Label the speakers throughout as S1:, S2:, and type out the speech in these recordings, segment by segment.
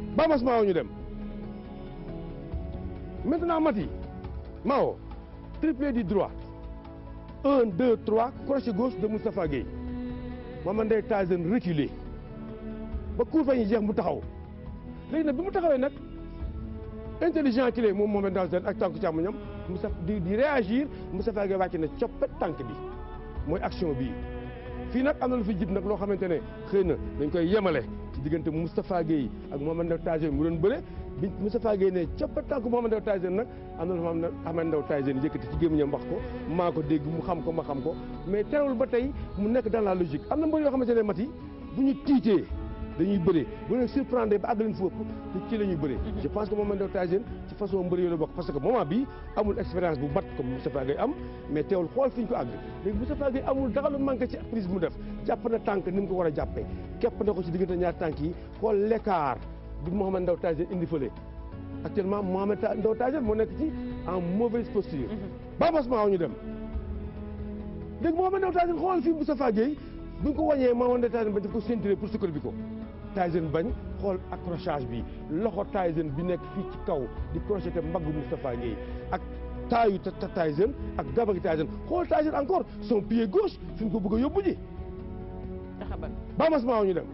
S1: ba mas maawo ñu dem maintenant Mati Mao triplé du droit un deux trois crochet gauche de Moustapha Gueye Mamadou Ndeye Tyson reculé ba coup fa ñu jeex mu taxaw léegi nag bi mu taxawee nag intelligent ki lay moom Mamadou Ndeye Tyson ak tànku càmmoñam Moustapha di di réagir Moustapha Gueye wàcc na coppet tànk bi mooy action bii fii nag am na lu fi jib nag loo xamante ne xëy na dañ koy yemale ci diggante Moustapha Guèye ak Mohamed Ndao Tyson mu doon bëre bi Moustapha Guèye ne cappa tànku Mohamed Ndao Tyson nag am na lu am Ndao Tyson yëkkati ci gémmiñam wax ko maa ko dégg mu xam ko ma xam ko mais teewul ba tey mu nekk dans la logique am na mbër yoo xamante ne mat yi bu ñu tiitee dañuy bëree bu leen surprendre ba àgg leen foofu te ci la ñuy bëree mhm. je pense que moom man docteur Tyson ci façon mbëri yooyu la bokk parce que moment bi amul expérience bu mat comme Moustapha Gueye am mais teewul xool fi ko àgg léegi Moustapha Gueye amul dara lu mu def jàpp a jàppee képp na ko ci diggante ñaar tànk yi xool l'écart bi Mohamed Ndao Tyson indi fële nekk ci en mauvaise posture mhm. babasement ñu dem léegi Mohamed Ndao Tyson xool fii bu ñu ko wàññee maa woon de Tyson bañ daf ko ceinturé pour sukkandiku ko Tyson bañ xool accrochage bi loxo Tyson bi nekk fii ci kaw di crocheté mbagg Moustapha Guèye ak taayu Tyson ak gabagi Tyson xool Tyson encore son pied gauche fi mu ko bëgg a yóbbu ji. ba baamas maa ñu dem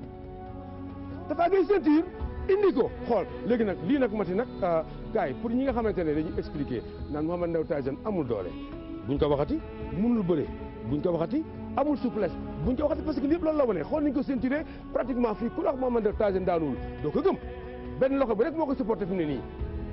S1: dafa ngay ceinture indi ko xool léegi nag lii nag mati nag euh, gars yi pour ñi nga xamante ne dañuy expliqué naan Mouhamed Ndao Tyson amul doole buñ ko waxati mënul bëre buñ ko waxati. amul souplesse buñ ko waxati parce que lépp loolu la wane xool nañ ko ceinturé pratiquement fii ku la wax Mohamed Ndao Tyson daanuwul doo ko gëm benn loxo bi rek moo ko supporté fi mu ne nii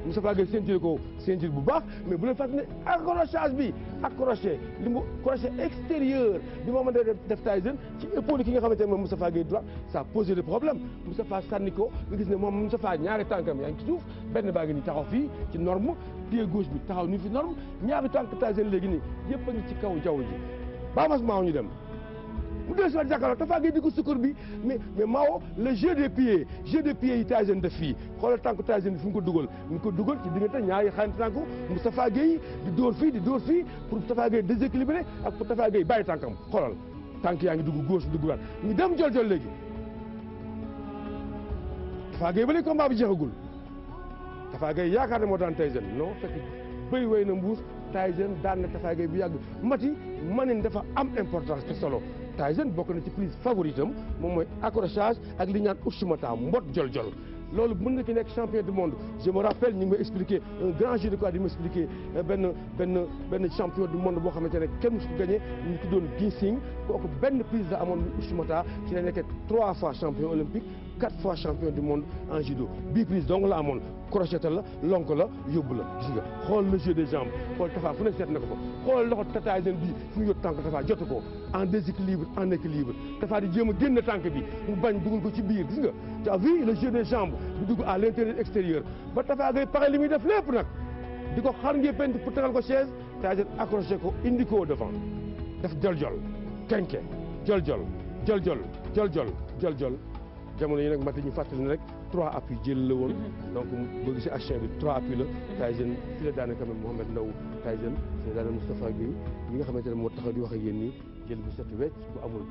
S1: Moustapha Gueye ceinturé ko ceinture bu baax mais bu leen fàtte ne accrochage bi accroché li mu crochet extérieur bi Mohamed Ndao def Tyson ci épaule ki nga xamante ne moom Moustapha Gueye droit ça pose le problème Moustapha sànni ko nga gis ne moom Moustapha ñaari tànkam yaa ngi ci suuf benn baa ngi ni bi taxaw ni fi norme ñaari tànk Tyson léegi nii yëpp ci kaw jaww ji ba mas maaw ñu dem mu dee soo jàkkaarloo Tapha Gueye di ko sukkur bi mais mais maawo le jeu des pieds jeu des yi Tyson def fii xoolal tànku Tyson bi fu mu ko dugal mu ko dugal ci diggante ñaari xarit tànku mu Tapha Gueye di dóor fii di dóor fii pour Tapha Gueye déséquilibré ak pour Tapha Gueye bàyyi tànkam xoolal tànk yaa ngi dugg gauche dugg droite ñu dem jol jol léegi Tapha Gueye ba léegi combat bi jeexagul Tapha Gueye yaakaar ne moo daan Tyson non fekk bëy way na mbuus Tyson daan na Tapha Gueye bu yàgg mati manen dafa am importance te solo Tyson bokk na ci prise favorite mom moy accrochage ak li ñaan ushumata mbot jol-jol loolu mën nga ci nek champion du monde je me rappelle ñu ngi may expliqué un grand jeu de quoi di ma expliqué euh, ben ben benn champion du monde bo xamante kenn musu gagné ñu tuddoon Ginsing koku ben prise la amoon muy ci la nekkee trois fois champion olympique quatre fois champion du monde en judo bii prise donc la amoon crochette la lonk la yobula. la gis nga xool le jeu des jambes xool Tapha fu ne seet na ko fa xool loxo Tata bi, bii fu ñu yóbbu tànk Tapha jotu ko en déséquilibre en équilibre Tapha di jéem a génn tànk bi mu bañ dugal ko ci biir gis nga tu as vu le jeu des jambes Du dugg à l'intérieur extérieur ba Tapha ngay pare li muy def lépp nag di ko xar ngee pent pour tegal ko chaise Tata Sène accroché ko indi devant def jol jol kenke jol jol jol jamono yi nak mati ñu fatali rek 3 appui jël le won donc bëgg ci action bi 3 appui la tay Tyson fi la daana quand même Mohamed Ndaw tay fi la daane mustapha Guèye yi nga xamantene mo taxaw di wax ak yéen ni jël bu set wecc bu amul